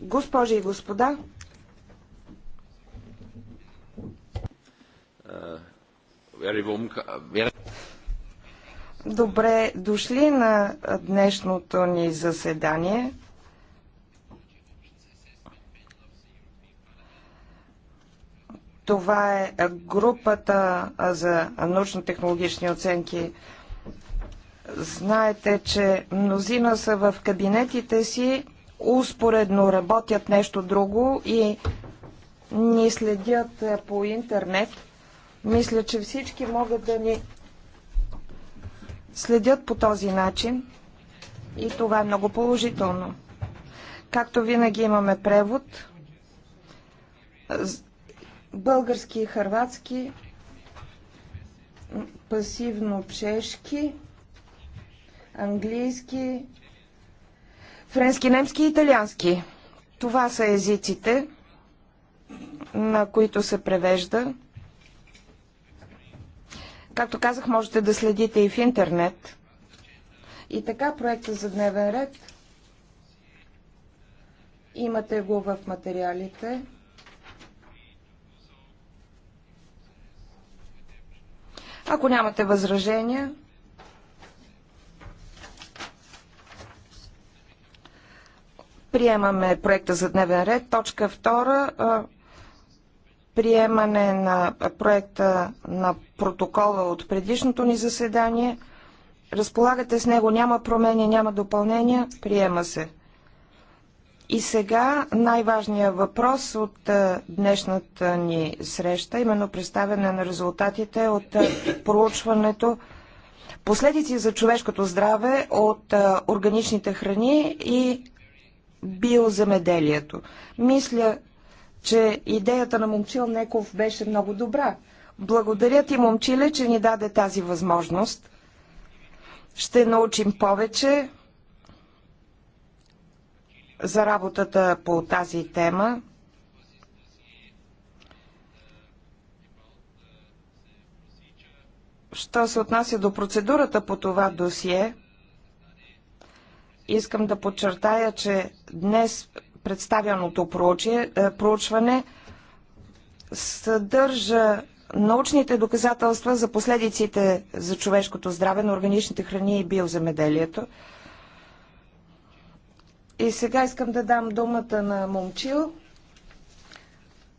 Госпожи и господа, uh, uh, добре дошли на днешното ни заседание. Това е групата за научно-технологични оценки Знаете, че мнозина са в кабинетите си, успоредно работят нещо друго и ни следят е, по интернет. Мисля, че всички могат да ни следят по този начин и това е много положително. Както винаги имаме превод български и хърватски, пасивно чешки английски, френски, немски и италиански. Това са езиците, на които се превежда. Както казах, можете да следите и в интернет. И така, проекта за дневен ред. Имате го в материалите. Ако нямате възражения, Приемаме проекта за дневен ред. Точка втора приемане на проекта на протокола от предишното ни заседание. Разполагате с него, няма промени, няма допълнения, приема се. И сега най-важният въпрос от днешната ни среща, именно представяне на резултатите от проучването последици за човешкото здраве от органичните храни и биоземеделието. Мисля, че идеята на Момчил Неков беше много добра. Благодаря ти, момчиле, че ни даде тази възможност. Ще научим повече за работата по тази тема. Що се отнася до процедурата по това досие – Искам да подчертая, че днес представяното е, проучване съдържа научните доказателства за последиците за човешкото здраве на органичните храни и биоземеделието. И сега искам да дам думата на Момчил.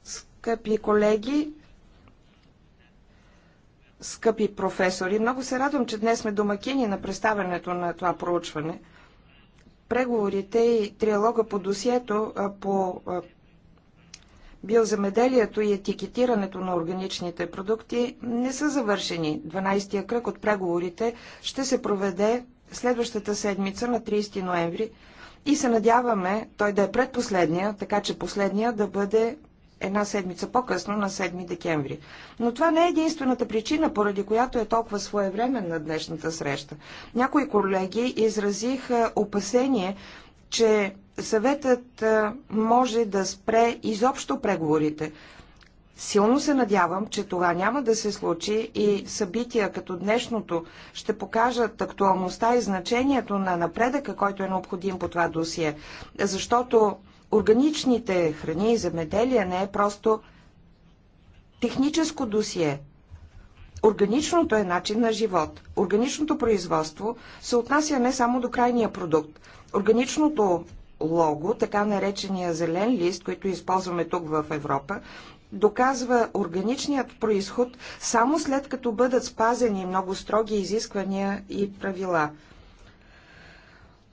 Скъпи колеги, скъпи професори, много се радвам, че днес сме домакини на представянето на това проучване – преговорите и триалога по досието по биоземеделието и етикетирането на органичните продукти не са завършени. 12-я кръг от преговорите ще се проведе следващата седмица на 30 ноември и се надяваме той да е предпоследния, така че последния да бъде една седмица по-късно, на 7 декември. Но това не е единствената причина, поради която е толкова своевременна днешната среща. Някои колеги изразиха опасение, че съветът може да спре изобщо преговорите. Силно се надявам, че това няма да се случи и събития като днешното ще покажат актуалността и значението на напредъка, който е необходим по това досие, защото органичните храни и земеделие не е просто техническо досие. Органичното е начин на живот. Органичното производство се отнася не само до крайния продукт. Органичното лого, така наречения зелен лист, който използваме тук в Европа, доказва органичният происход само след като бъдат спазени много строги изисквания и правила –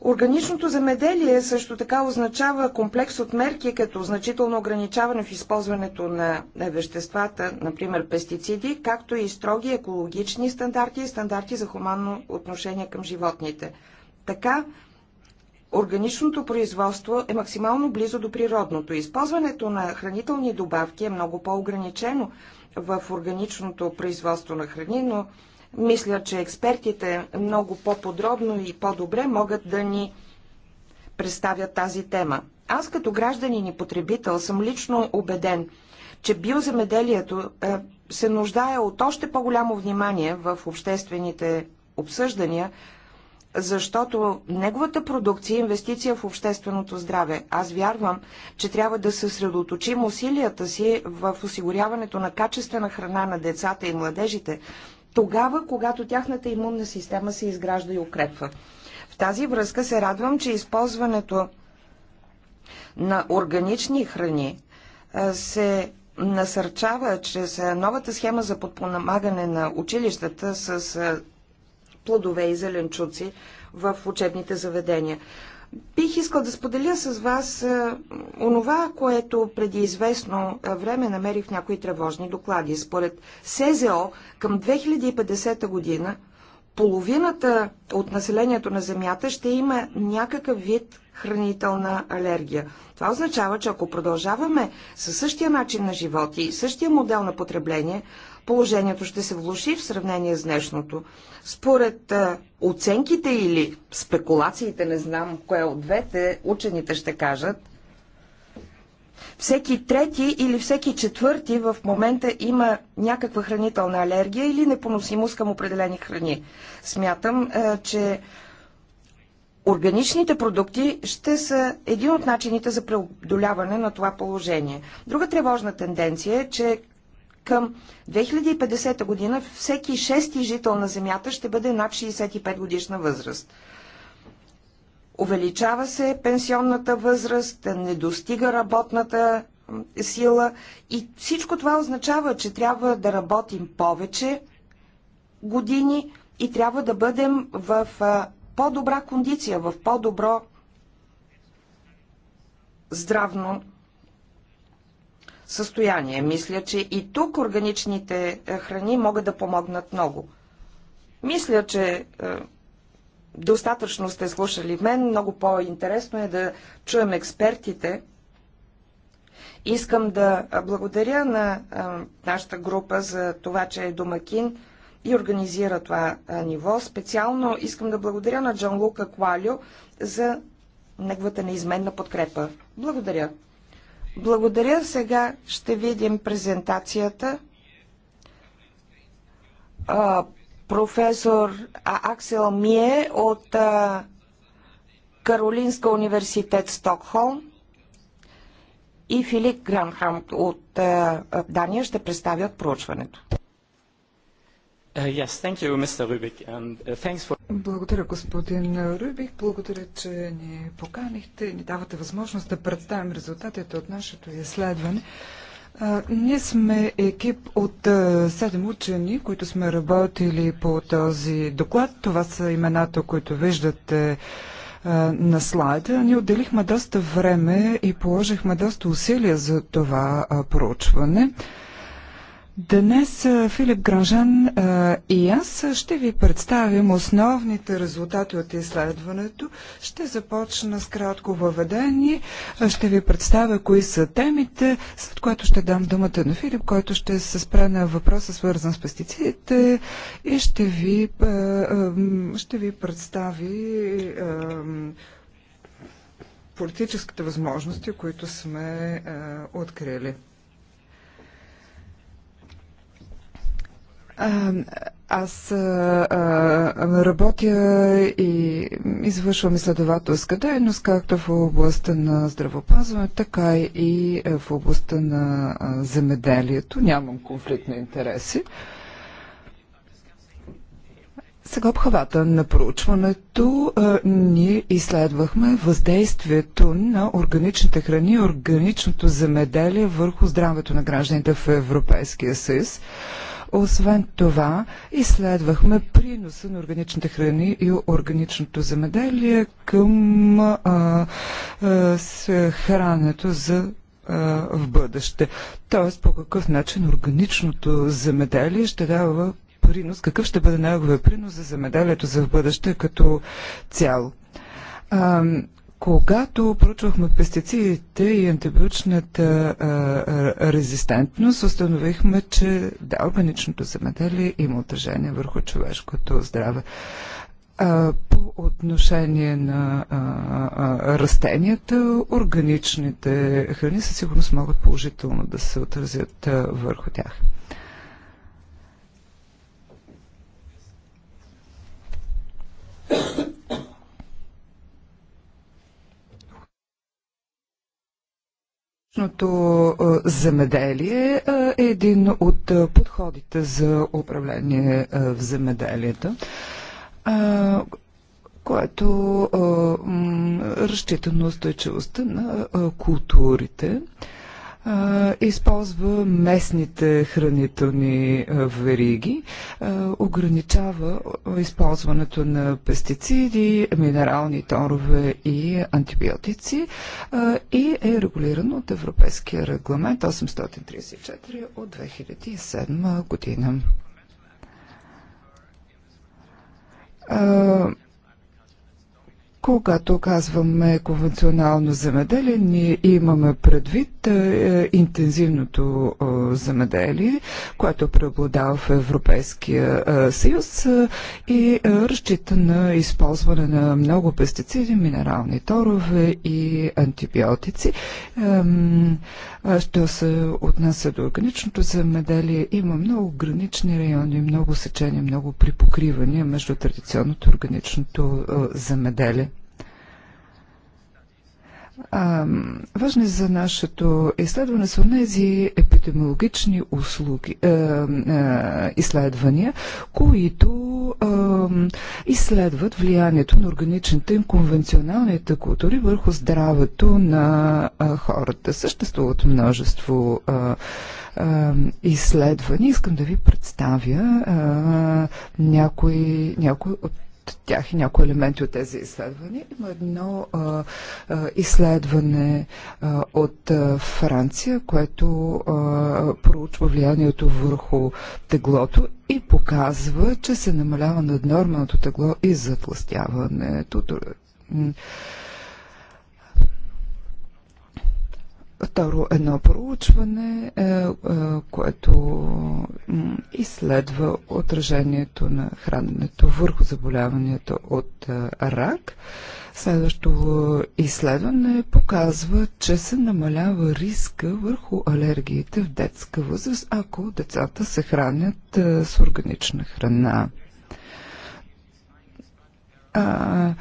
Органичното земеделие също така означава комплекс от мерки, като значително ограничаване в използването на веществата, например пестициди, както и строги екологични стандарти и стандарти за хуманно отношение към животните. Така, органичното производство е максимално близо до природното. Използването на хранителни добавки е много по-ограничено в органичното производство на храни, но мисля, че експертите много по-подробно и по-добре могат да ни представят тази тема. Аз като гражданин и потребител съм лично убеден, че биоземеделието е, се нуждае от още по-голямо внимание в обществените обсъждания, защото неговата продукция е инвестиция в общественото здраве. Аз вярвам, че трябва да съсредоточим усилията си в осигуряването на качествена храна на децата и младежите, тогава, когато тяхната имунна система се изгражда и укрепва. В тази връзка се радвам, че използването на органични храни се насърчава чрез новата схема за подпомагане на училищата с плодове и зеленчуци в учебните заведения. Бих искал да споделя с вас е, онова, което преди известно е, време намерих в някои тревожни доклади. Според СЗО към 2050 година половината от населението на Земята ще има някакъв вид хранителна алергия. Това означава, че ако продължаваме със същия начин на живот и същия модел на потребление, положението ще се влуши в сравнение с днешното. Според а, оценките или спекулациите, не знам кое от двете, учените ще кажат, всеки трети или всеки четвърти в момента има някаква хранителна алергия или непоносимост към определени храни. Смятам, а, че Органичните продукти ще са един от начините за преодоляване на това положение. Друга тревожна тенденция е, че към 2050 година всеки шести жител на Земята ще бъде над 65 годишна възраст. Увеличава се пенсионната възраст, не достига работната сила и всичко това означава, че трябва да работим повече години и трябва да бъдем в по-добра кондиция, в по-добро здравно състояние. Мисля, че и тук органичните е, храни могат да помогнат много. Мисля, че е, достатъчно сте слушали мен. Много по-интересно е да чуем експертите. Искам да е, благодаря на нашата група за това, че е домакин и организира това ниво. Специално искам да благодаря на Джан Лука Квалю за неговата неизменна подкрепа. Благодаря. Благодаря. Сега ще видим презентацията. А, професор Аксел Мие от а, Каролинска университет Стокхолм и Филип Гранхам от а, Дания ще представят проучването. Uh, uh, Благодаря, господин Рубик. Благодаря, че ни поканихте и ни давате възможност да представим резултатите от нашето изследване. Ние сме екип от седем учени, които сме работили по този доклад. Това са имената, които виждате на слайда. Ние отделихме доста време и положихме доста усилия за това проучване. Днес Филип Гранжан и аз ще ви представим основните резултати от изследването. Ще започна с кратко въведение. Ще ви представя кои са темите, след което ще дам думата на Филип, който ще се спре на въпроса, свързан с пестицидите и ще ви, ще ви представи политическите възможности, които сме открили. Аз а, работя и извършвам изследователска дейност, както в областта на здравопазването, така и в областта на земеделието. Нямам конфликт на интереси. Сега обхвата на проучването а, ние изследвахме въздействието на органичните храни и органичното земеделие върху здравето на гражданите в Европейския съюз. Освен това, изследвахме приноса на органичните храни и органичното земеделие към а, а, с за в бъдеще. Тоест, по какъв начин органичното земеделие ще дава принос, какъв ще бъде неговия принос за земеделието за в бъдеще като цяло. Когато проучвахме пестицидите и антибиотичната резистентност, установихме, че да, органичното земеделие има отражение върху човешкото здраве. А, по отношение на а, а, растенията, органичните храни със сигурност могат положително да се отразят а, върху тях. Биологичното земеделие е един от подходите за управление в земеделието, което разчита на устойчивостта на културите използва местните хранителни вериги, ограничава използването на пестициди, минерални торове и антибиотици и е регулирано от Европейския регламент 834 от 2007 година когато казваме конвенционално земеделие, ние имаме предвид е, интензивното е, земеделие, което преобладава в Европейския е, съюз и разчита на използване на много пестициди, минерални торове и антибиотици. Що се отнася до органичното земеделие, има много гранични райони, много сечения, много припокривания между традиционното и органичното земеделие. А, важни за нашето изследване са тези епидемиологични услуги, а, а, изследвания, които а, изследват влиянието на органичните и конвенционалните култури върху здравето на а, хората. Съществуват множество а, а, изследвания. Искам да ви представя а, някои, някои от от тях и някои елементи от тези изследвания. Има едно а, а, изследване а, от а, Франция, което а, проучва влиянието върху теглото и показва, че се намалява над нормалното тегло и затластяването. Второ, едно проучване, е, е, което изследва отражението на храненето върху заболяванията от е, рак. Следващото изследване показва, че се намалява риска върху алергиите в детска възраст, ако децата се хранят с органична храна. А,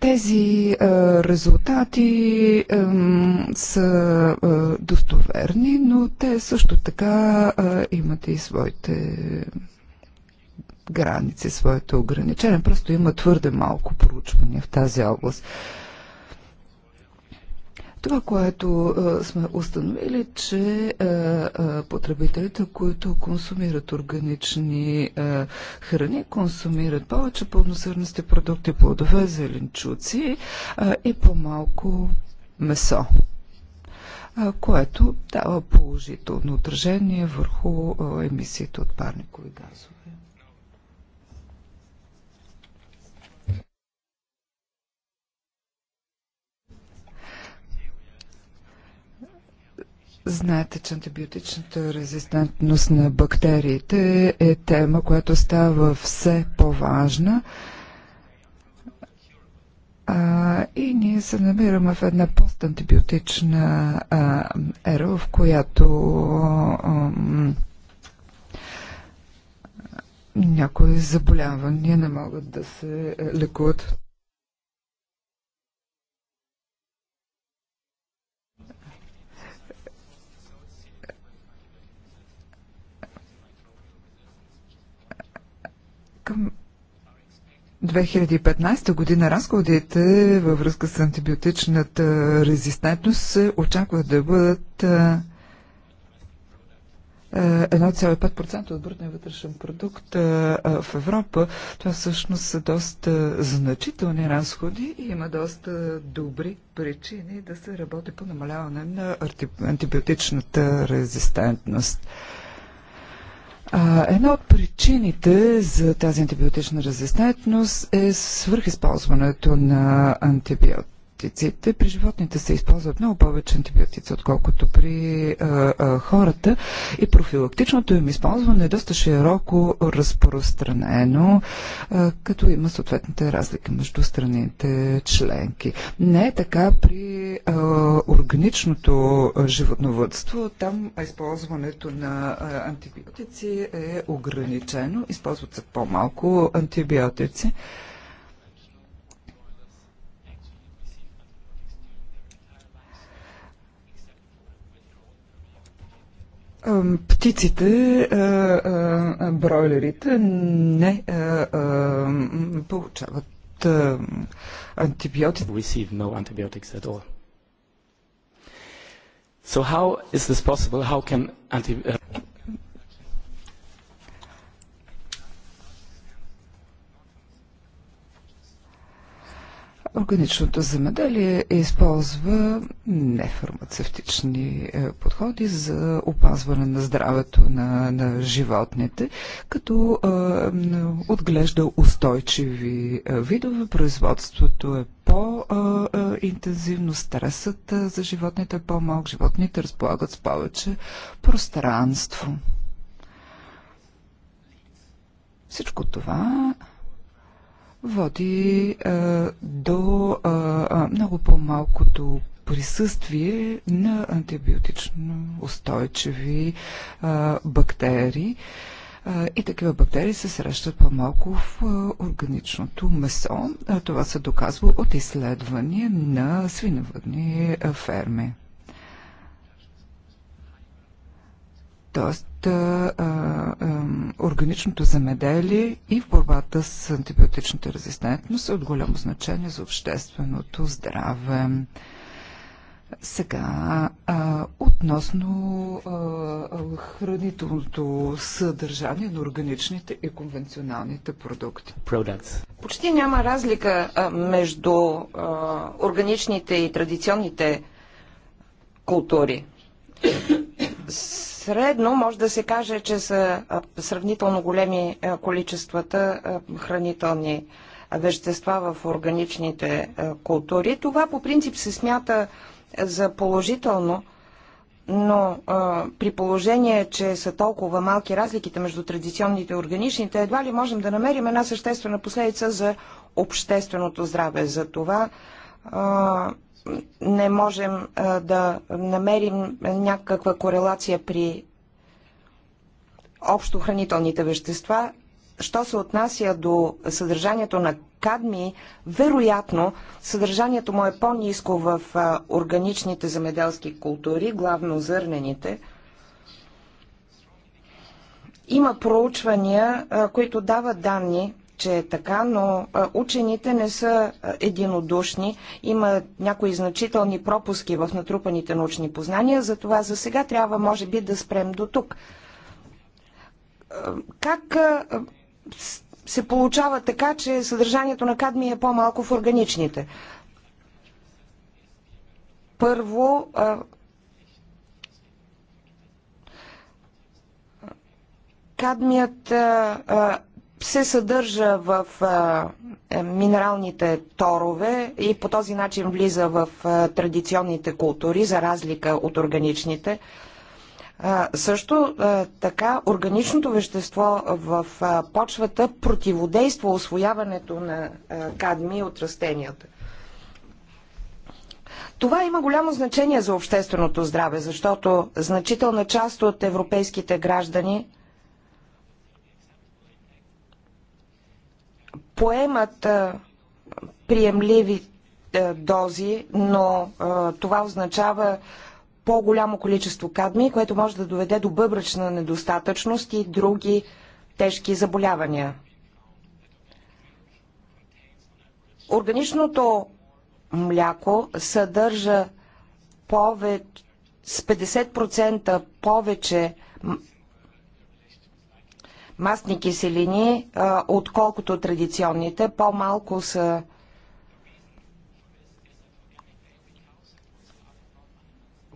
тези резултати са достоверни, но те също така имат и своите граници, своите ограничения. Просто има твърде малко проучвания в тази област. Това, което а, е, сме установили, че а, е, а, е, потребителите, които консумират органични а, храни, консумират повече пълносърнести продукти, плодове, зеленчуци а, и по-малко месо което дава положително отражение върху емисиите от парникови газове. Знаете, че антибиотичната резистентност на бактериите е тема, която става все по-важна. и ние се намираме в една постантибиотична ера, в която някои заболявания не могат да се е, лекуват към 2015 година разходите във връзка с антибиотичната резистентност се да бъдат 1,5% от брутния вътрешен продукт в Европа. Това всъщност са доста значителни разходи и има доста добри причини да се работи по намаляване на антибиотичната резистентност. А, една от причините за тази антибиотична резистентност е свърхизползването на антибиот, антибиотиците. При животните се използват много повече антибиотици, отколкото при а, а, хората. И профилактичното им използване е доста широко разпространено, а, като има съответните разлики между страните членки. Не е така при а, органичното животновътство. Там използването на антибиотици е ограничено. Използват се по-малко антибиотици. Птиците, бройлерите не получават антибиотици. Receive no antibiotics at all. So how is this possible? How can anti Органичното земеделие използва нефармацевтични е, подходи за опазване на здравето на, на животните, като а, е, отглежда устойчиви е, видове. Производството е по-интензивно, стресът за животните е по-малък, животните разполагат с повече пространство. Всичко това води а, до а, много по-малкото присъствие на антибиотично устойчиви а, бактерии. А, и такива бактерии се срещат по-малко в а, органичното месо. А, това се доказва от изследвания на свиневъдни ферми. Тоест, а, а, органичното замеделие и в борбата с антибиотичната резистентност е от голямо значение за общественото здраве. Сега, а, относно а, хранителното съдържание на органичните и конвенционалните продукти. Products. Почти няма разлика а, между а, органичните и традиционните култури. Средно може да се каже, че са сравнително големи количествата хранителни вещества в органичните култури. Това по принцип се смята за положително, но при положение, че са толкова малки разликите между традиционните и органичните, едва ли можем да намерим една съществена последица за общественото здраве. За това не можем да намерим някаква корелация при общо хранителните вещества, що се отнася до съдържанието на кадми, вероятно съдържанието му е по-низко в органичните земеделски култури, главно зърнените. Има проучвания, които дават данни че е така, но учените не са единодушни. Има някои значителни пропуски в натрупаните научни познания, затова за сега трябва, може би, да спрем до тук. Как се получава така, че съдържанието на кадмия е по-малко в органичните? Първо, кадмият се съдържа в е, минералните торове и по този начин влиза в традиционните култури, за разлика от органичните. Също така органичното вещество в почвата противодейства освояването на кадми от растенията. Това има голямо значение за общественото здраве, защото значителна част от европейските граждани – поемат приемливи дози, но това означава по-голямо количество кадми, което може да доведе до бъбръчна недостатъчност и други тежки заболявания. Органичното мляко съдържа повече, с 50% повече Мастни киселини, отколкото традиционните. По-малко са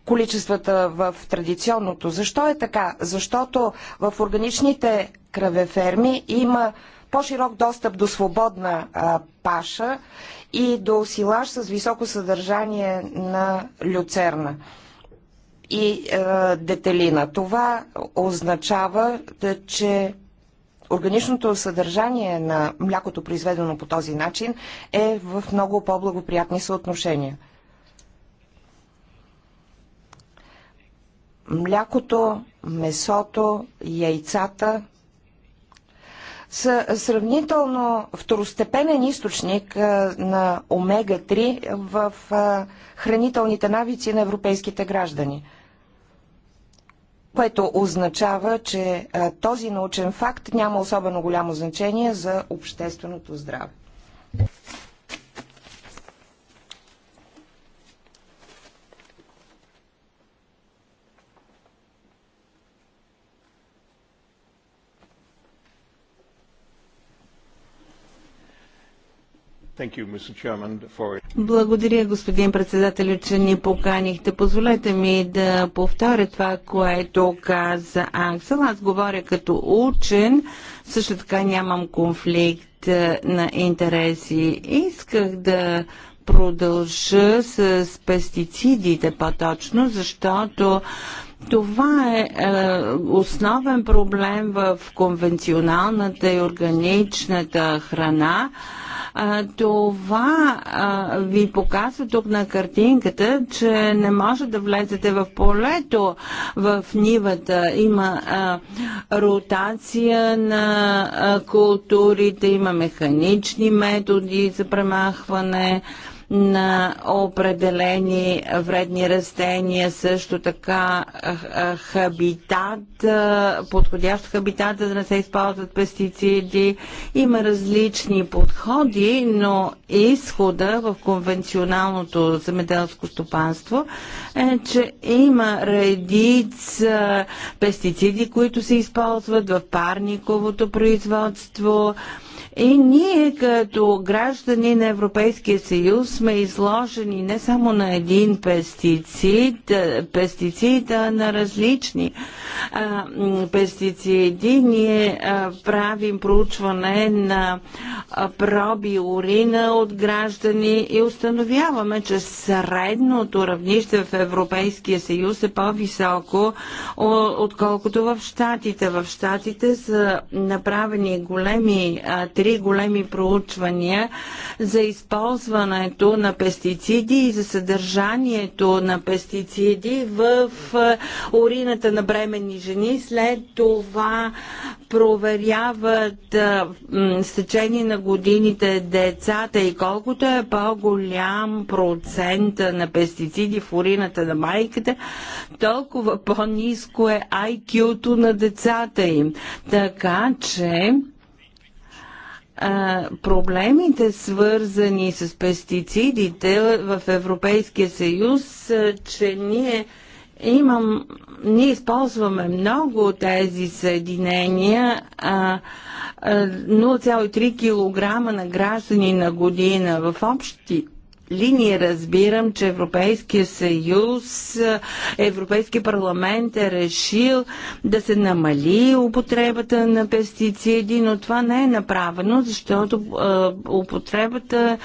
количествата в традиционното. Защо е така? Защото в органичните кравеферми има по-широк достъп до свободна а, паша и до силаж с високо съдържание на люцерна и а, детелина. Това означава, че органичното съдържание на млякото, произведено по този начин, е в много по-благоприятни съотношения. Млякото, месото, яйцата са сравнително второстепенен източник на омега-3 в хранителните навици на европейските граждани – което означава, че този научен факт няма особено голямо значение за общественото здраве. Благодаря, господин председател, че ни поканихте. Позволете ми да повторя това, което каза Аксел. Аз говоря като учен, също така нямам конфликт е, на интереси. Исках да продължа с пестицидите по-точно, защото това е, е основен проблем в конвенционалната и органичната храна. А, това а, ви показва тук на картинката, че не може да влезете в полето, в нивата. Има а, ротация на а, културите, има механични методи за премахване. А, на определени вредни растения, също така хабитат, подходящ хабитат, за да не се използват пестициди. Има различни подходи, но изхода в конвенционалното земеделско стопанство е, че има редица пестициди, които се използват в парниковото производство, и е, ние като граждани на Европейския съюз сме изложени не само на един пестицид, е, пестицид, а на различни а, е, пестициди. Ние а, правим проучване на проби урина от граждани и установяваме, че средното равнище в Европейския съюз е по-високо, отколкото в Штатите. В Штатите са направени големи а, три големи проучвания за използването на пестициди и за съдържанието на пестициди в урината на бременни жени. След това проверяват с течение на годините децата и колкото е по-голям процент на пестициди в урината на майката, толкова по-низко е IQ-то на децата им. Така че а, проблемите, свързани с пестицидите в Европейския съюз, а, че ние имам, ние използваме много тези съединения, 0,3 кг на граждани на година в общи линия разбирам, че Европейския съюз, Европейски парламент е решил да се намали употребата на пестициди, но това не е направено, защото а, употребата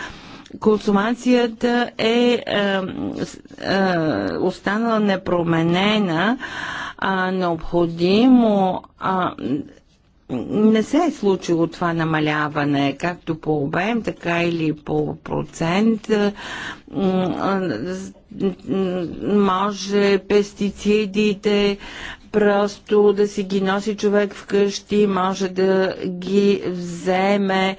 консумацията е, е, е останала непроменена, а необходимо а, не се е случило това намаляване, както по обем, така или по процент. Може пестицидите просто да си ги носи човек вкъщи, може да ги вземе,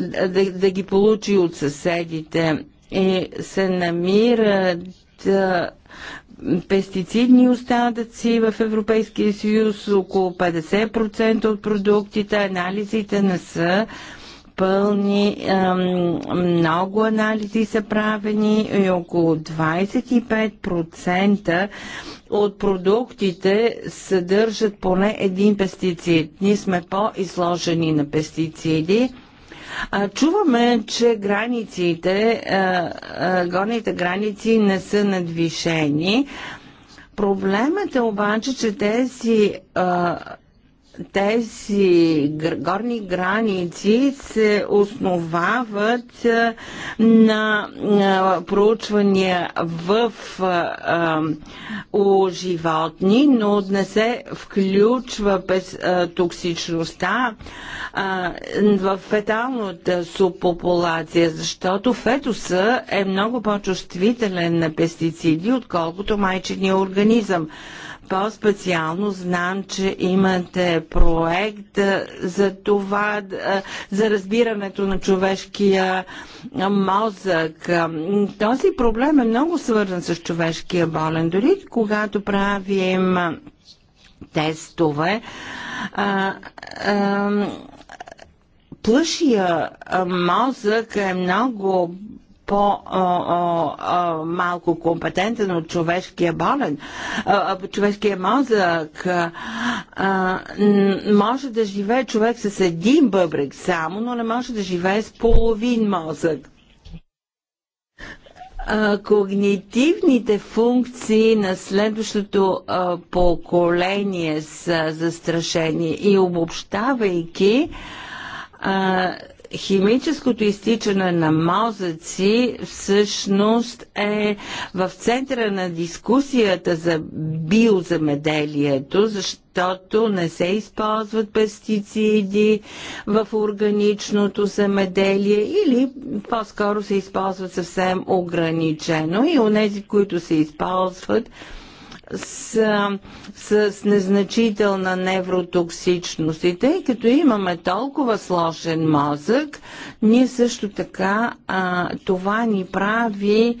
да, да ги получи от съседите и се намират пестицидни остатъци в Европейския съюз, около 50% от продуктите, анализите не са пълни, много анализи са правени и около 25% от продуктите съдържат поне един пестицид. Ние сме по-изложени на пестициди а, чуваме, че границите, а, а, горните граници не са надвишени. Проблемът е обаче, че тези а, тези горни граници се основават на проучвания в у животни, но не се включва без токсичността в феталната субпопулация, защото фетуса е много по-чувствителен на пестициди, отколкото майчиния организъм. По-специално знам, че имате проект за това, за разбирането на човешкия мозък. Този проблем е много свързан с човешкия болен. Дори когато правим тестове, а, а, плъшия мозък е много по-малко компетентен от човешкия болен, човешкия мозък. А, може да живее човек с един бъбрик само, но не може да живее с половин мозък когнитивните функции на следващото поколение са застрашени и обобщавайки химическото изтичане на мозъци всъщност е в центъра на дискусията за биоземеделието, защото не се използват пестициди в органичното земеделие или по-скоро се използват съвсем ограничено и у нези, които се използват, с, с незначителна невротоксичност. И тъй като имаме толкова сложен мозък, ние също така а, това ни прави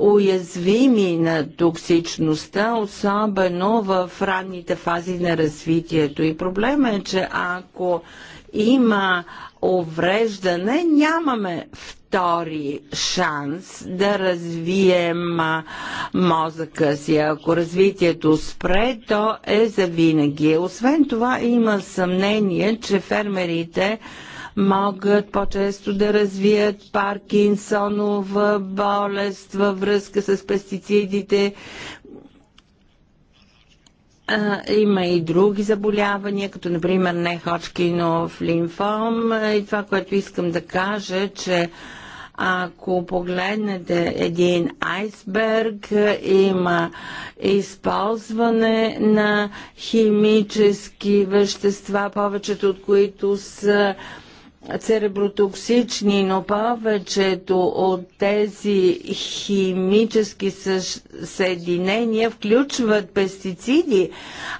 уязвими на токсичността, особено в ранните фази на развитието. И проблема е, че ако има увреждане, нямаме втори шанс да развием мозъка си. Ако развитието спре, то е завинаги. Освен това, има съмнение, че фермерите могат по-често да развият Паркинсонова болест във връзка с пестицидите, а, има и други заболявания, като например нехочкинов лимфом. И това, което искам да кажа, че ако погледнете един айсберг, има използване на химически вещества, повечето от които са церебротоксични, но повечето от тези химически съединения включват пестициди,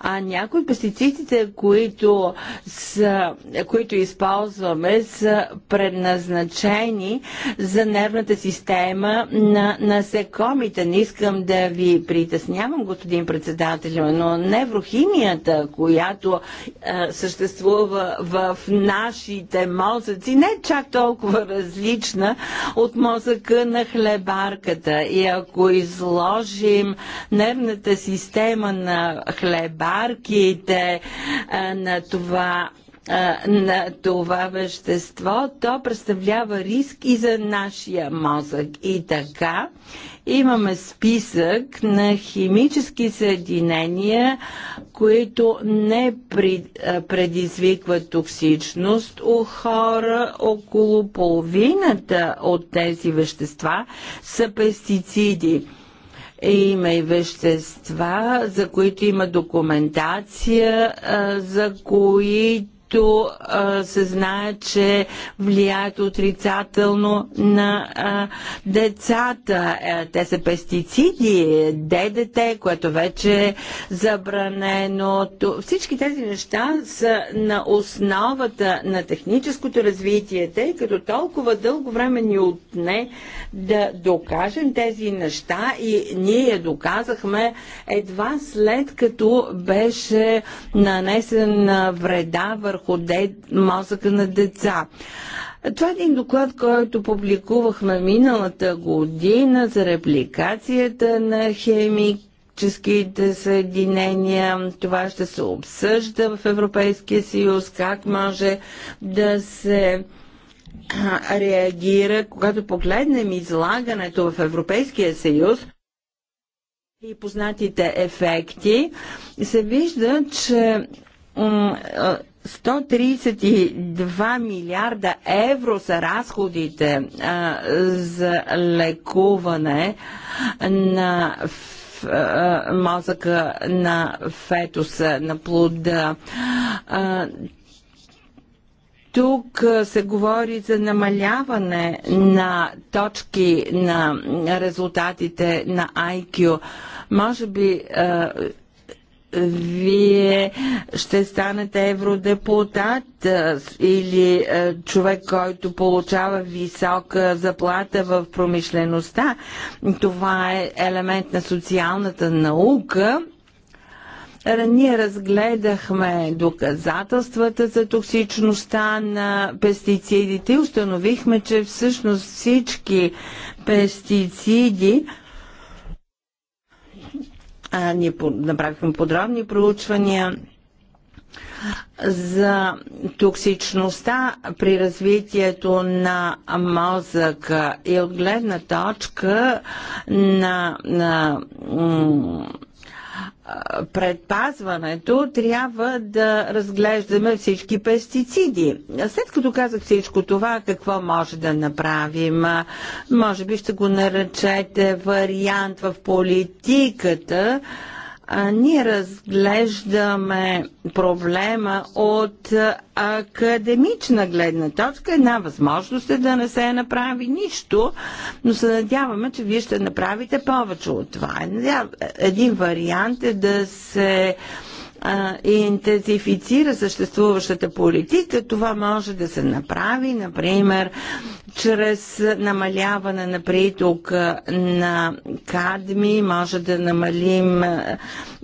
а някои пестицидите, които, са, които използваме, са предназначени за нервната система на насекомите. Не искам да ви притеснявам, господин председател, но неврохимията, която а, съществува в нашите мозъци, мозъци, не чак толкова различна от мозъка на хлебарката. И ако изложим нервната система на хлебарките, на това на това вещество, то представлява риск и за нашия мозък. И така, Имаме списък на химически съединения, които не предизвикват токсичност у хора. Около половината от тези вещества са пестициди. Има и вещества, за които има документация, за които които а, се знае, че влияят отрицателно на а, децата. А, е, те са пестициди, ДДТ, което вече е забранено. Всички тези неща са на основата на техническото развитие, тъй като толкова дълго време ни отне да докажем тези неща и ние я доказахме едва след като беше нанесен вреда върху върху де, мозъка на деца. Това е един доклад, който публикувахме миналата година за репликацията на хемик химическите съединения. Това ще се обсъжда в Европейския съюз, как може да се реагира, когато погледнем излагането в Европейския съюз и познатите ефекти, се вижда, че 132 милиарда евро са разходите а, за лекуване на а, мозъка на фетуса, на плода. А, тук се говори за намаляване на точки на резултатите на IQ. Може би вие ще станете евродепутат или човек, който получава висока заплата в промишлеността. Това е елемент на социалната наука ние разгледахме доказателствата за токсичността на пестицидите и установихме, че всъщност всички пестициди а, ние направихме подробни проучвания за токсичността при развитието на мозъка и от гледна точка на, на предпазването трябва да разглеждаме всички пестициди. След като казах всичко това, какво може да направим? Може би ще го наречете вариант в политиката а, ние разглеждаме проблема от академична гледна точка. Една възможност е да не се направи нищо, но се надяваме, че вие ще направите повече от това. Един вариант е да се а, а, интензифицира съществуващата политика, това може да се направи, например, чрез намаляване на притока на кадми, може да намалим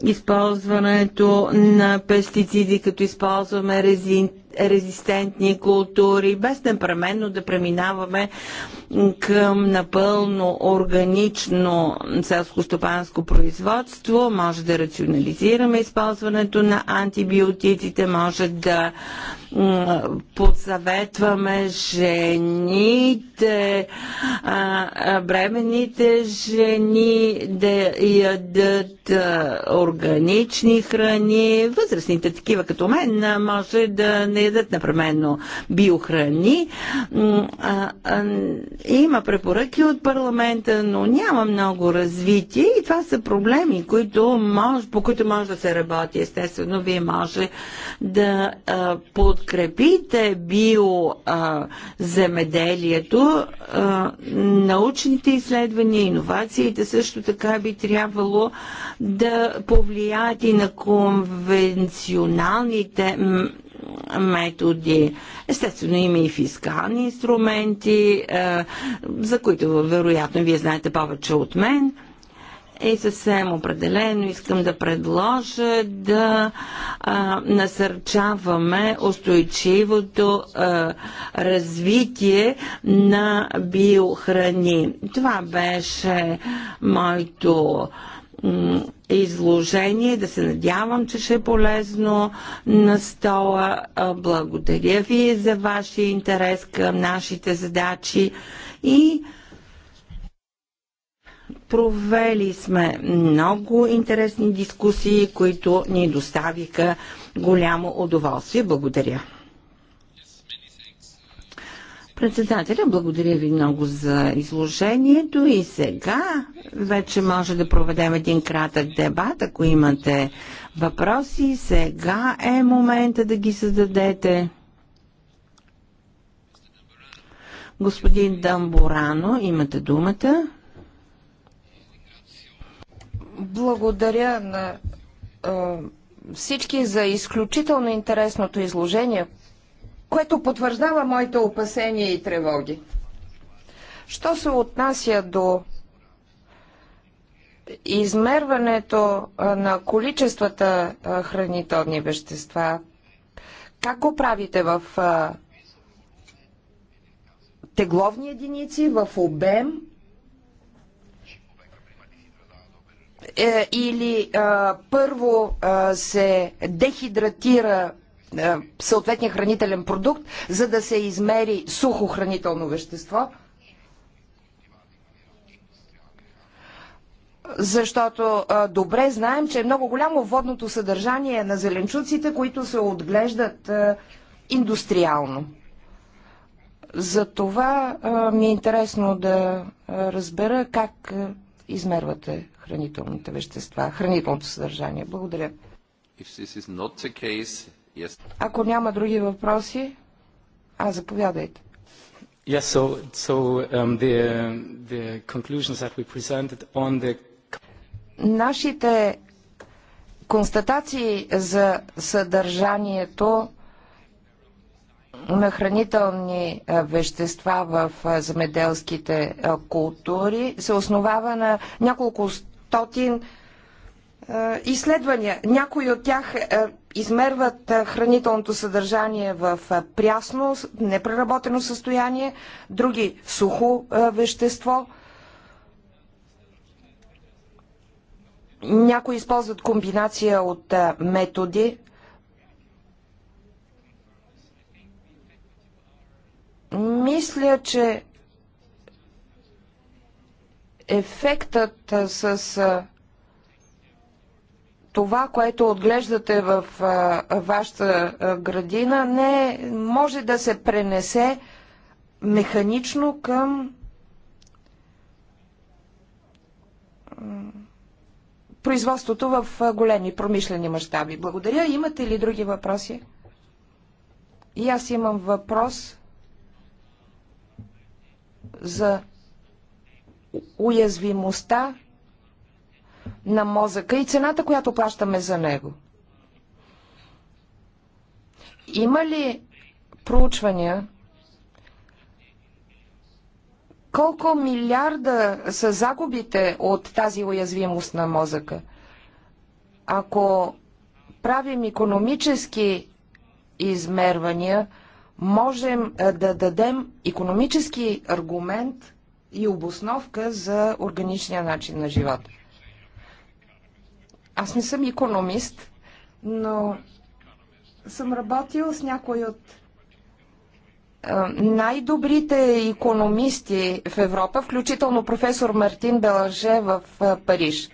използването на пестициди, като използваме резин резистентни култури, без непременно да преминаваме към напълно органично селско-стопанско производство, може да рационализираме използването на антибиотиците, може да подсъветваме жените, бременните жени да ядат органични храни, възрастните такива като мен може да не ядат непременно биохрани. Има препоръки от парламента, но няма много развитие и това са проблеми, които може, по които може да се работи. Естествено, вие може да подкрепите биоземеделието, научните изследвания, иновациите също така би трябвало да повлияят и на конвенционалните методи. Естествено, има и фискални инструменти, е, за които вероятно вие знаете повече от мен. И съвсем определено искам да предложа да а, е, насърчаваме устойчивото а, е, развитие на биохрани. Това беше моето а, изложение. Да се надявам, че ще е полезно на стола. Благодаря ви за вашия интерес към нашите задачи и провели сме много интересни дискусии, които ни доставиха голямо удоволствие. Благодаря. Председателя, благодаря ви много за изложението и сега вече може да проведем един кратък дебат. Ако имате въпроси, сега е момента да ги зададете. Господин Дамборано, имате думата. Благодаря на всички за изключително интересното изложение което потвърждава моите опасения и тревоги. Що се отнася до измерването на количествата хранителни вещества, как го правите в тегловни единици, в обем е, или а, първо а, се дехидратира е, съответния хранителен продукт, за да се измери сухо хранително вещество. Защото е, добре знаем, че е много голямо водното съдържание на зеленчуците, които се отглеждат е, индустриално. За това ми е интересно да разбера как измервате хранителните вещества, хранителното съдържание. Благодаря. If this is not the case, Yes. Ако няма други въпроси, а заповядайте. Yes, so, so um, the, the conclusions that we presented on the... Нашите констатации за съдържанието на хранителни вещества в земеделските култури се основава на няколко стотин е, изследвания. Някои от тях е, измерват е, хранителното съдържание в прясно, непреработено състояние, други сухо вещество. Някои използват комбинация от методи. Мисля, че ефектът с това, което отглеждате в вашата градина, не може да се пренесе механично към производството в големи промишлени мащаби. Благодаря. Имате ли други въпроси? И аз имам въпрос за уязвимостта на мозъка и цената, която плащаме за него. Има ли проучвания колко милиарда са загубите от тази уязвимост на мозъка? Ако правим економически измервания, можем да дадем економически аргумент и обосновка за органичния начин на живота. Аз не съм економист, но съм работил с някой от най-добрите економисти в Европа, включително професор Мартин Беларже в Париж.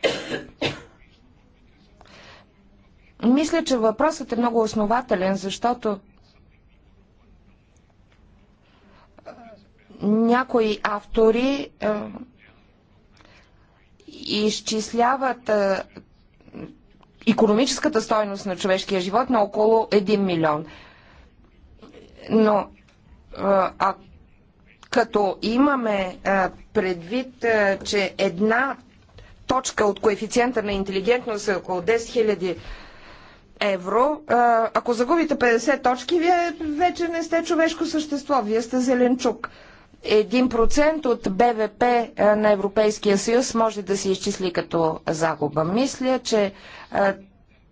Мисля, че въпросът е много основателен, защото някои автори изчисляват економическата стойност на човешкия живот на около 1 милион. Но а, като имаме а, предвид, а, че една точка от коефициента на интелигентност е около 10 000 евро, а, ако загубите 50 точки, вие вече не сте човешко същество, вие сте зеленчук. 1% от БВП на Европейския съюз може да се изчисли като загуба. Мисля, че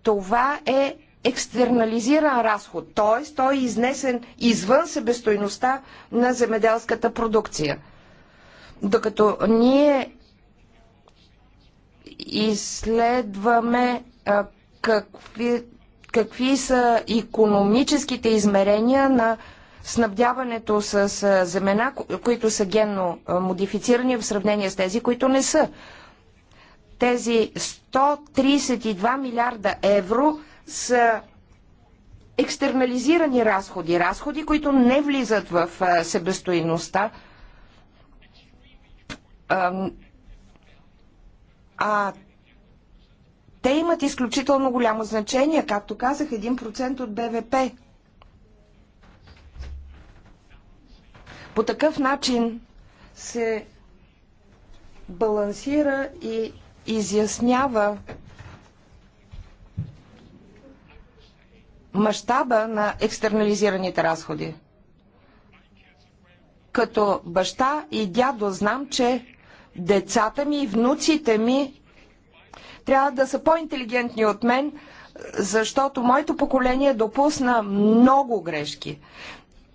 това е екстернализиран разход, т.е. той е изнесен извън себестойността на земеделската продукция. Докато ние изследваме какви, какви са економическите измерения на снабдяването с семена, които са генно модифицирани в сравнение с тези, които не са. Тези 132 милиарда евро са екстернализирани разходи, разходи, които не влизат в себестоиността, а те имат изключително голямо значение, както казах, 1% от БВП. По такъв начин се балансира и изяснява мащаба на екстернализираните разходи. Като баща и дядо знам, че децата ми и внуците ми трябва да са по-интелигентни от мен, защото моето поколение допусна много грешки.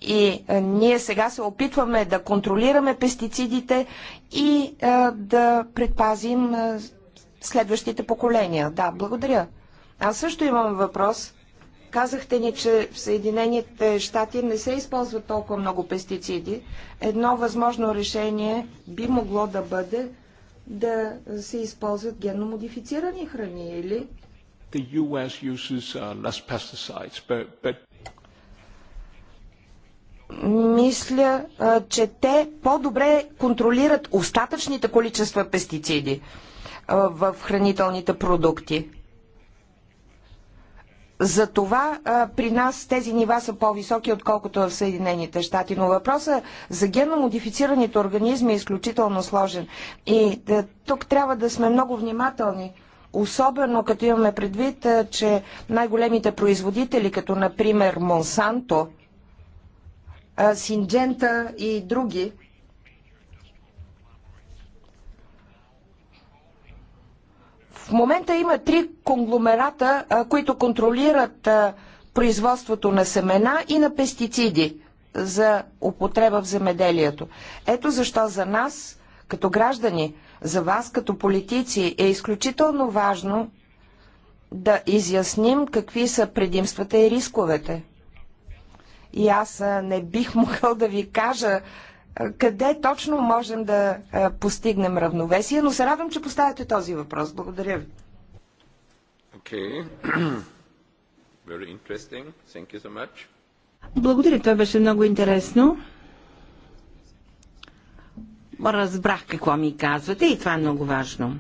И е, ние сега се опитваме да контролираме пестицидите и е, да предпазим е, следващите поколения. Да, благодаря. Аз също имам въпрос. Казахте ни, че в Съединените щати не се използват толкова много пестициди. Едно възможно решение би могло да бъде да се използват генномодифицирани храни или? The US uses uh, less pesticides, but, but мисля, че те по-добре контролират остатъчните количества пестициди в хранителните продукти. Затова при нас тези нива са по-високи, отколкото в Съединените щати. Но въпросът за геномодифицираните организми е изключително сложен. И тук трябва да сме много внимателни. Особено като имаме предвид, че най-големите производители, като например Монсанто, Синджента и други. В момента има три конгломерата, които контролират производството на семена и на пестициди за употреба в земеделието. Ето защо за нас, като граждани, за вас, като политици, е изключително важно да изясним какви са предимствата и рисковете и аз не бих могъл да ви кажа къде точно можем да постигнем равновесие, но се радвам, че поставяте този въпрос. Благодаря ви. Okay. Very interesting. Thank you so much. Благодаря, това беше много интересно. Разбрах какво ми казвате и това е много важно.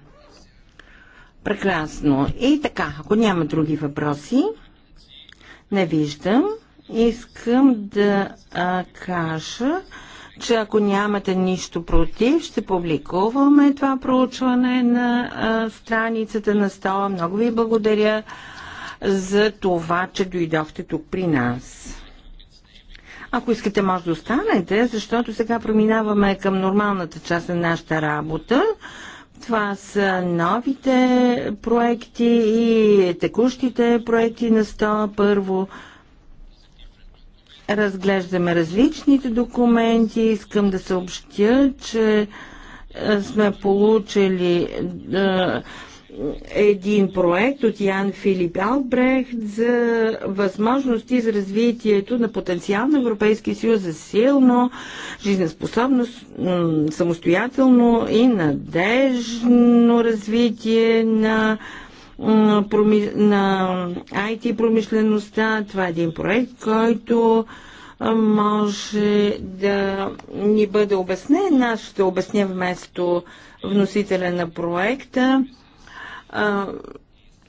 Прекрасно. И така, ако няма други въпроси, не виждам. Искам да а, кажа, че ако нямате нищо против, ще публикуваме това проучване на а, страницата на стола. Много ви благодаря за това, че дойдохте тук при нас. Ако искате, може да останете, защото сега преминаваме към нормалната част на нашата работа. Това са новите проекти и текущите проекти на стола. Първо разглеждаме различните документи. Искам да съобщя, че е, сме получили е, един проект от Ян Филип Албрехт за възможности за развитието на потенциал на Европейския съюз за силно, жизнеспособно, самостоятелно и надежно развитие на на IT промишлеността. Това е един проект, който може да ни бъде обяснен. Аз ще обясня вместо вносителя на проекта.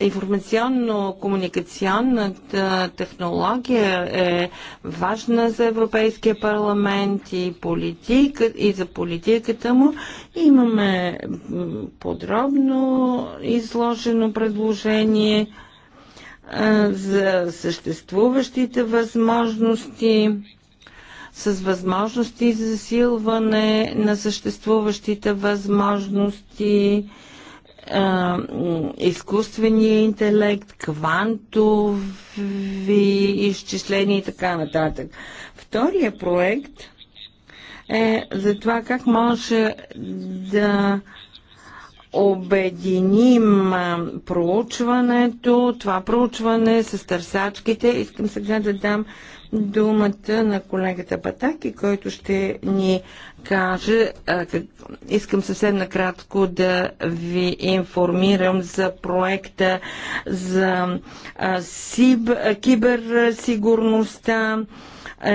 Информационно-комуникационната технология е важна за Европейския парламент и, политика, и за политиката му. Имаме подробно изложено предложение за съществуващите възможности с възможности за засилване на съществуващите възможности изкуствения интелект, квантови изчисления и така нататък. Втория проект е за това как може да обединим проучването, това проучване с търсачките. Искам сега да дам думата на колегата Батаки, който ще ни каже, искам съвсем накратко да ви информирам за проекта за а, сиб, киберсигурността. А, е,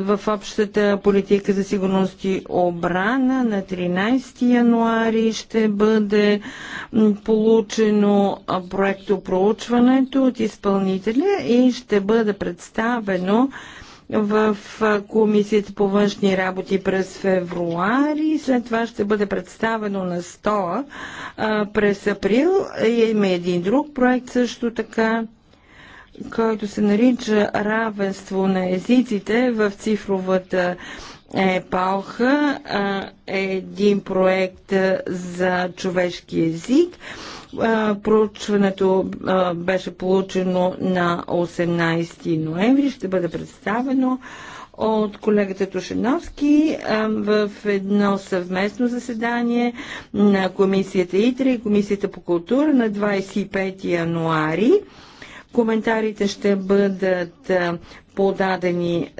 в общата политика за сигурност и обрана. На 13 януари ще бъде получено проекто проучването от изпълнителя и ще бъде представено в Комисията по външни работи през февруари. След това ще бъде представено на 100 е, през април. Има един друг проект също така който се нарича равенство на езиците в цифровата епоха, е един проект за човешки език. Проучването беше получено на 18 ноември, ще бъде представено от колегата Тушеновски в едно съвместно заседание на комисията ИТРА и комисията по култура на 25 януари. Коментарите ще бъдат подадени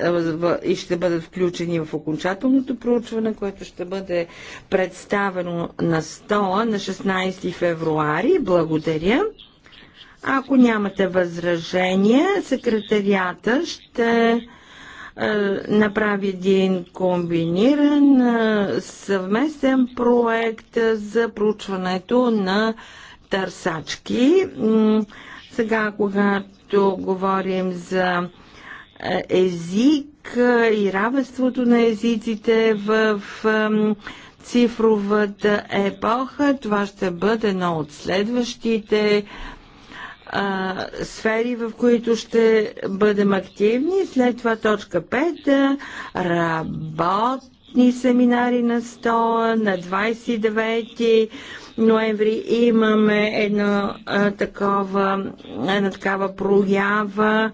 и ще бъдат включени в окончателното проучване, което ще бъде представено на стола на 16 февруари. Благодаря. Ако нямате възражение, секретарията ще направи един комбиниран съвместен проект за проучването на търсачки. Сега, когато говорим за е, език е, и равенството на езиците в цифровата епоха, това ще бъде едно от следващите е, сфери, в които ще бъдем активни. След това точка 5 работни семинари на 100, на 29 ноември имаме едно а, такова, една такава проява.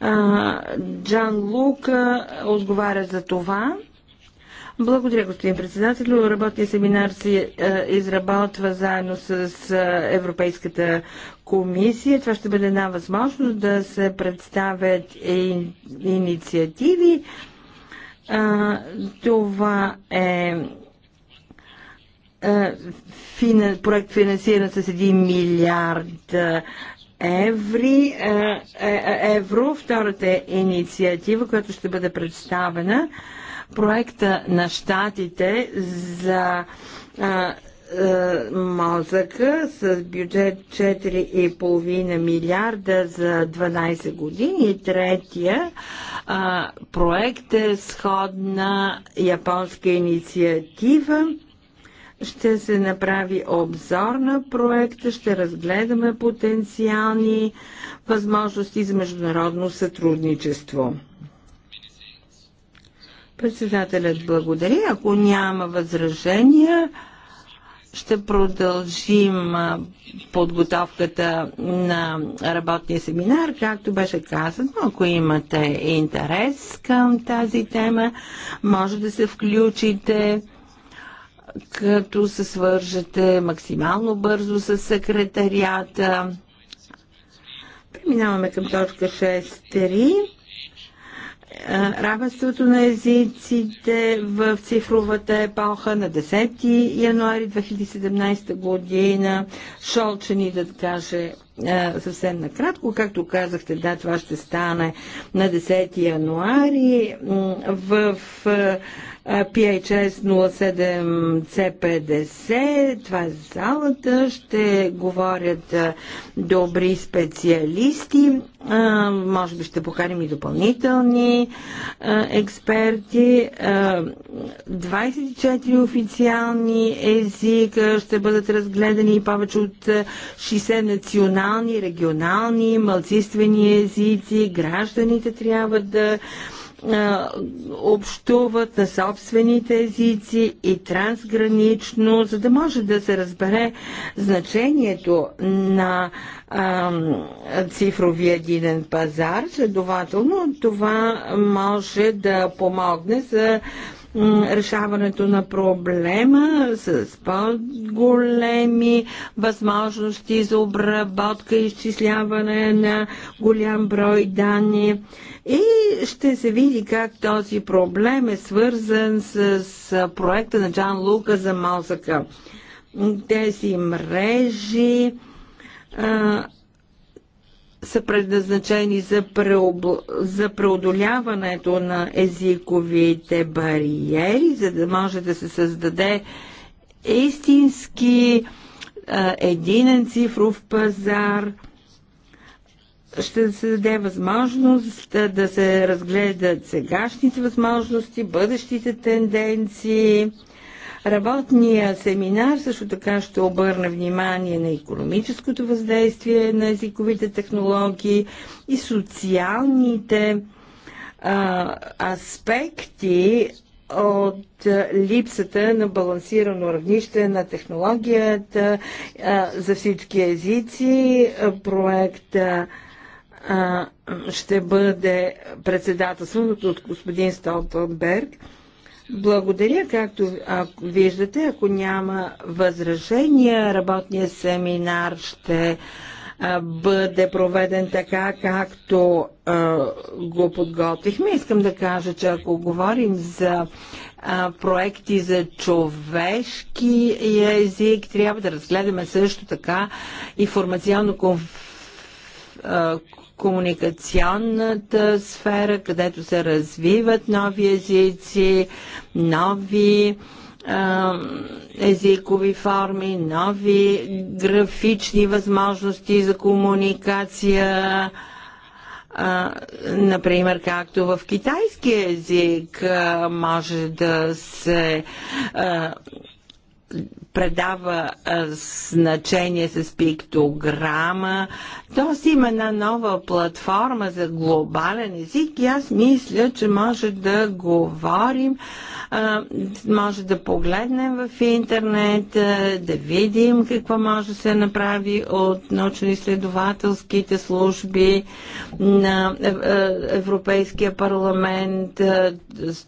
А, Джан Лука отговаря за това. Благодаря, господин председател. Работният семинар се изработва заедно с Европейската комисия. Това ще бъде една възможност да се представят инициативи. това е е, проект финансиран с 1 милиард е, е, евро. Втората е инициатива, която ще бъде представена, проекта на щатите за мозъка с бюджет 4,5 милиарда за 12 години. И третия а, проект е сходна японска инициатива ще се направи обзор на проекта, ще разгледаме потенциални възможности за международно сътрудничество. Председателят благодари. Ако няма възражения, ще продължим подготовката на работния семинар, както беше казано. Ако имате интерес към тази тема, може да се включите като се свържете максимално бързо с секретарията. Преминаваме към точка 6.3. Равенството на езиците в цифровата епоха на 10 януари 2017 година. Шолче ни да каже съвсем накратко, както казахте, да, това ще стане на 10 януари в PHS 07C50. Това е залата. Ще говорят добри специалисти. Може би ще поканим и допълнителни експерти. 24 официални езика ще бъдат разгледани и повече от 60 национални, регионални, малцинствени езици. Гражданите трябва да общуват на собствените езици и трансгранично, за да може да се разбере значението на а, цифровия единен пазар. Следователно, това може да помогне за решаването на проблема с по-големи възможности за обработка и изчисляване на голям брой данни. И ще се види как този проблем е свързан с проекта на Джан Лука за мозъка. Тези мрежи са предназначени за, преобл... за преодоляването на езиковите бариери, за да може да се създаде истински един единен цифров пазар. Ще се даде възможност да се разгледат сегашните възможности, бъдещите тенденции Работния семинар също така ще обърне внимание на економическото въздействие на езиковите технологии и социалните а, аспекти от липсата на балансирано равнище на технологията а, за всички езици. Проекта ще бъде председателството от господин Столтенберг. Благодаря, както ако виждате, ако няма възражения, работният семинар ще бъде проведен така, както а, го подготвихме. Искам да кажа, че ако говорим за а, проекти за човешки език, трябва да разгледаме също така информационно конф комуникационната сфера, където се развиват нови езици, нови езикови форми, нови графични възможности за комуникация, например, както в китайски език може да се предава значение с пиктограма. Тоест има една нова платформа за глобален език и аз мисля, че може да говорим може да погледнем в интернет, да видим какво може да се направи от научно-изследователските служби на Европейския парламент,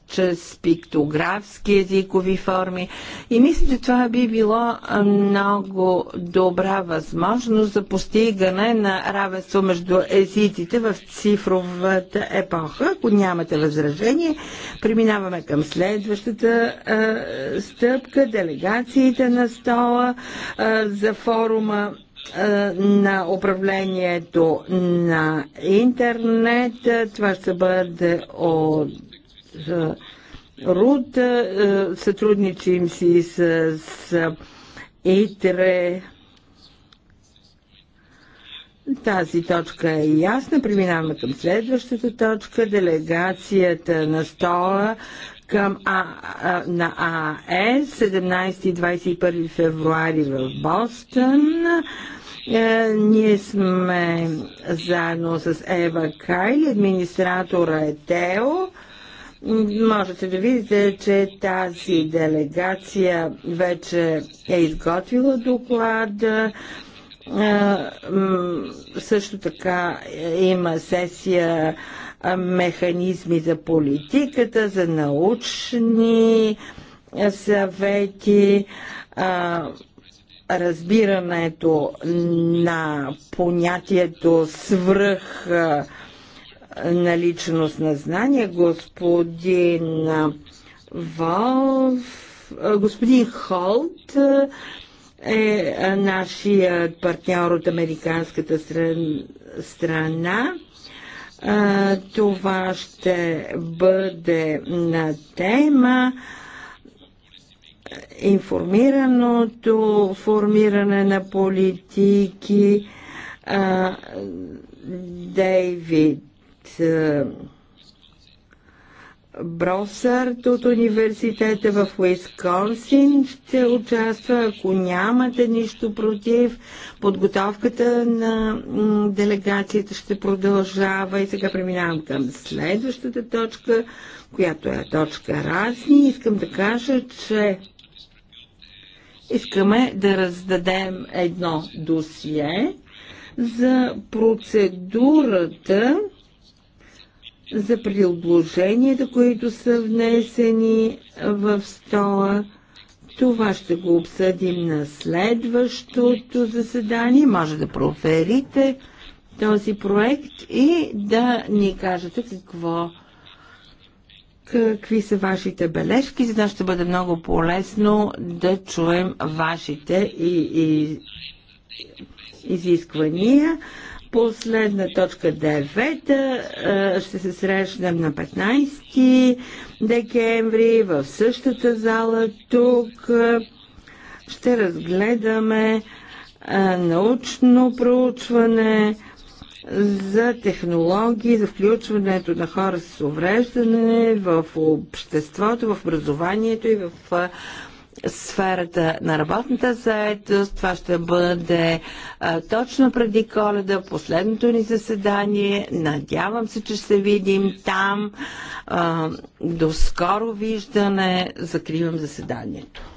чрез пиктографски езикови форми. И мисля, че това би било много добра възможност за постигане на равенство между езиците в цифровата епоха. Ако нямате възражение, преминаваме към следващия следващата а, стъпка, делегациите на стола а, за форума на управлението на интернет. Това ще бъде от РУД. Сътрудничим си с, с ИТРЕ. Тази точка е ясна. Преминаваме към следващата точка. Делегацията на стола към а, а, на АЕ 17 и 21 февруари в Бостън. Е, ние сме заедно с Ева Кайли, администратора е Тео. Можете да видите, че тази делегация вече е изготвила доклада. Е, също така има сесия механизми за политиката, за научни съвети, разбирането на понятието свръх наличност на знание, господин Волф, господин Холт е нашият партньор от американската страна а, това ще бъде на тема информираното формиране на политики. А, Дейвид Бросърт от университета в Уисконсин ще участва, ако нямате нищо против. Подготовката на делегацията ще продължава и сега преминавам към следващата точка, която е точка разни. Искам да кажа, че искаме да раздадем едно досие за процедурата за предложенията, които са внесени в стола. Това ще го обсъдим на следващото заседание. Може да проверите този проект и да ни кажете какво какви са вашите бележки, за да ще бъде много полезно да чуем вашите и, и изисквания. Последна точка 9. Ще се срещнем на 15 декември в същата зала тук. Ще разгледаме научно проучване за технологии, за включването на хора с увреждане в обществото, в образованието и в сферата на работната заедост. Това ще бъде а, точно преди коледа, последното ни заседание. Надявам се, че ще се видим там. А, до скоро виждане. Закривам заседанието.